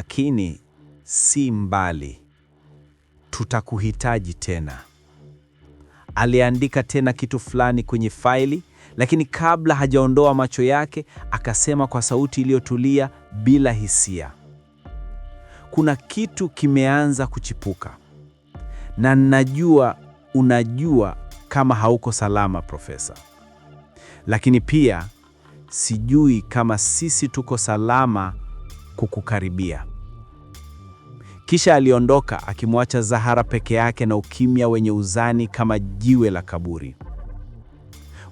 lakini si mbali, tutakuhitaji tena. Aliandika tena kitu fulani kwenye faili, lakini kabla hajaondoa macho yake akasema kwa sauti iliyotulia bila hisia, kuna kitu kimeanza kuchipuka na najua unajua kama hauko salama Profesa, lakini pia sijui kama sisi tuko salama kukukaribia. Kisha aliondoka akimwacha Zahara peke yake na ukimya wenye uzani kama jiwe la kaburi.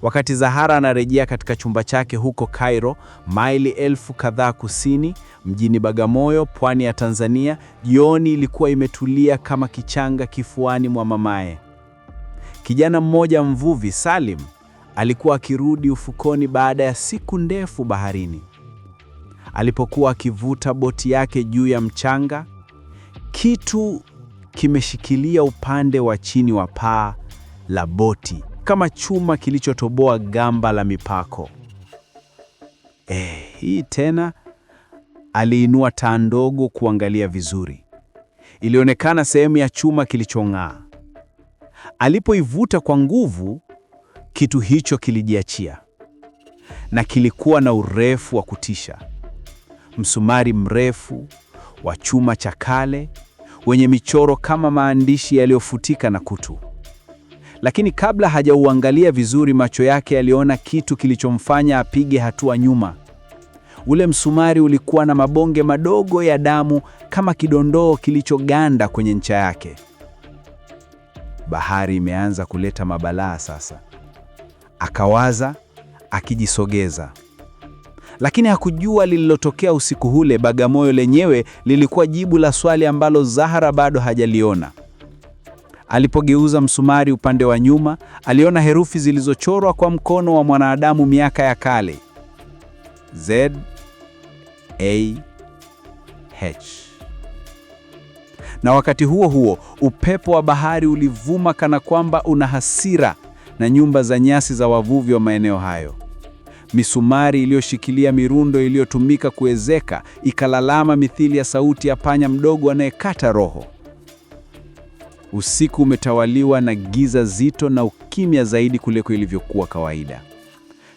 Wakati Zahara anarejea katika chumba chake huko Cairo, maili elfu kadhaa kusini, mjini Bagamoyo, pwani ya Tanzania, jioni ilikuwa imetulia kama kichanga kifuani mwa mamaye. Kijana mmoja mvuvi, Salim, alikuwa akirudi ufukoni baada ya siku ndefu baharini. Alipokuwa akivuta boti yake juu ya mchanga kitu kimeshikilia upande wa chini wa paa la boti kama chuma kilichotoboa gamba la mipako. Eh, hii tena. Aliinua taa ndogo kuangalia vizuri. Ilionekana sehemu ya chuma kilichong'aa. Alipoivuta kwa nguvu, kitu hicho kilijiachia, na kilikuwa na urefu wa kutisha, msumari mrefu wa chuma cha kale wenye michoro kama maandishi yaliyofutika na kutu. Lakini kabla hajauangalia vizuri, macho yake yaliona kitu kilichomfanya apige hatua nyuma. Ule msumari ulikuwa na mabonge madogo ya damu kama kidondoo kilichoganda kwenye ncha yake. Bahari imeanza kuleta mabalaa sasa, akawaza akijisogeza lakini hakujua lililotokea usiku ule Bagamoyo lenyewe lilikuwa jibu la swali ambalo zahara bado hajaliona. Alipogeuza msumari upande wa nyuma, aliona herufi zilizochorwa kwa mkono wa mwanadamu miaka ya kale. Z A H. Na wakati huo huo, upepo wa bahari ulivuma kana kwamba una hasira na nyumba za nyasi za wavuvi wa maeneo hayo misumari iliyoshikilia mirundo iliyotumika kuwezeka ikalalama mithili ya sauti ya panya mdogo anayekata roho. Usiku umetawaliwa na giza zito na ukimya zaidi kuliko ilivyokuwa kawaida.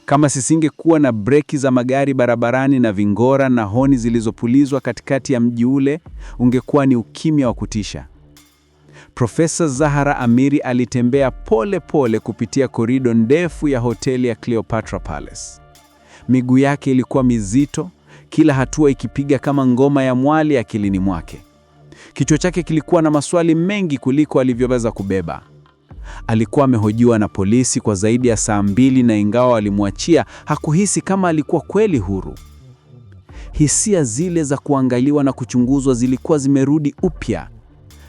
Kama sisingekuwa na breki za magari barabarani na vingora na honi zilizopulizwa katikati ya mji ule, ungekuwa ni ukimya wa kutisha. Profesa Zahara Amiri alitembea pole pole kupitia korido ndefu ya hoteli ya Cleopatra Palace. Miguu yake ilikuwa mizito, kila hatua ikipiga kama ngoma ya mwali akilini mwake. Kichwa chake kilikuwa na maswali mengi kuliko alivyoweza kubeba. Alikuwa amehojiwa na polisi kwa zaidi ya saa mbili na ingawa alimwachia, hakuhisi kama alikuwa kweli huru. Hisia zile za kuangaliwa na kuchunguzwa zilikuwa zimerudi upya,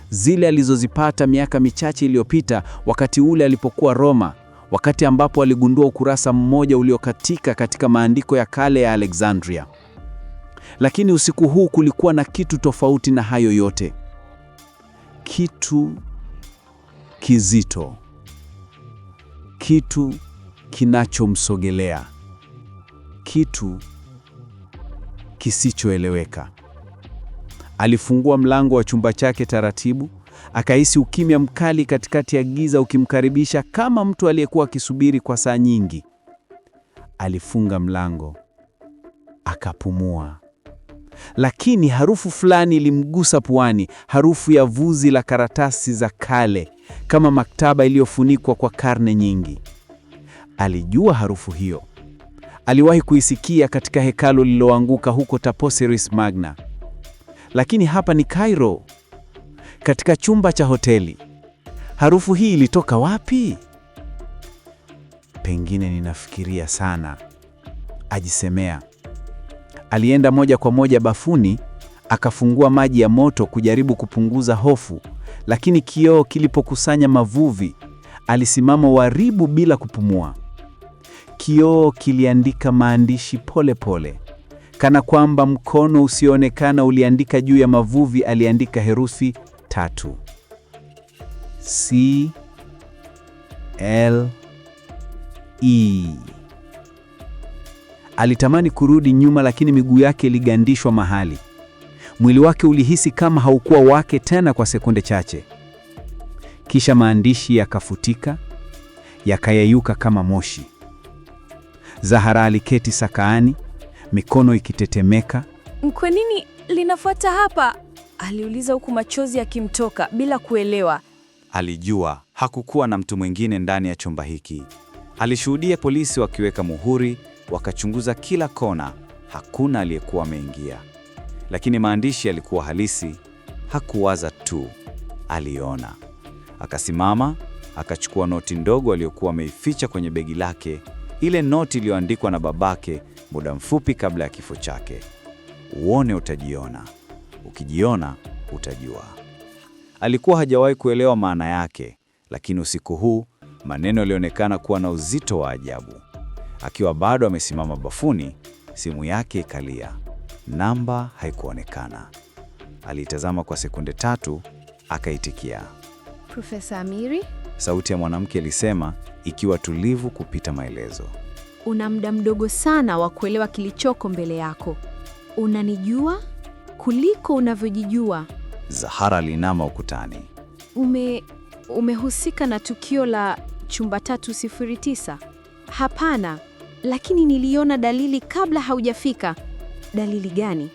zile alizozipata miaka michache iliyopita wakati ule alipokuwa Roma wakati ambapo aligundua ukurasa mmoja uliokatika katika maandiko ya kale ya Alexandria. Lakini usiku huu kulikuwa na kitu tofauti na hayo yote, kitu kizito, kitu kinachomsogelea, kitu kisichoeleweka. Alifungua mlango wa chumba chake taratibu akahisi ukimya mkali katikati ya giza ukimkaribisha kama mtu aliyekuwa akisubiri kwa saa nyingi. Alifunga mlango akapumua, lakini harufu fulani ilimgusa puani, harufu ya vuzi la karatasi za kale, kama maktaba iliyofunikwa kwa karne nyingi. Alijua harufu hiyo, aliwahi kuisikia katika hekalu lililoanguka huko Taposiris Magna, lakini hapa ni Cairo katika chumba cha hoteli. Harufu hii ilitoka wapi? Pengine ninafikiria sana, ajisemea. Alienda moja kwa moja bafuni, akafungua maji ya moto kujaribu kupunguza hofu, lakini kioo kilipokusanya mavuvi, alisimama waribu bila kupumua. Kioo kiliandika maandishi pole pole, kana kwamba mkono usioonekana uliandika juu ya mavuvi, aliandika herufi tatu C L E. Alitamani kurudi nyuma, lakini miguu yake iligandishwa mahali. Mwili wake ulihisi kama haukuwa wake tena kwa sekunde chache, kisha maandishi yakafutika, yakayeyuka kama moshi. Zahara aliketi sakaani, mikono ikitetemeka. Kwa nini linafuata hapa? aliuliza huku machozi yakimtoka bila kuelewa. Alijua hakukuwa na mtu mwingine ndani ya chumba hiki. Alishuhudia polisi wakiweka muhuri, wakachunguza kila kona, hakuna aliyekuwa ameingia. Lakini maandishi yalikuwa halisi. Hakuwaza tu, aliona. Akasimama, akachukua noti ndogo aliyokuwa ameificha kwenye begi lake, ile noti iliyoandikwa na babake muda mfupi kabla ya kifo chake. Uone utajiona. Ukijiona utajua. Alikuwa hajawahi kuelewa maana yake, lakini usiku huu maneno yalionekana kuwa na uzito wa ajabu. Akiwa bado amesimama bafuni, simu yake ikalia, namba haikuonekana. Aliitazama kwa sekunde tatu, akaitikia. Profesa Amiri? Sauti ya mwanamke ilisema, ikiwa tulivu kupita maelezo. Una muda mdogo sana wa kuelewa kilichoko mbele yako. Unanijua? kuliko unavyojijua. Zahara linama ukutani. Ume, umehusika na tukio la chumba 309? Hapana, lakini niliona dalili kabla haujafika. Dalili gani?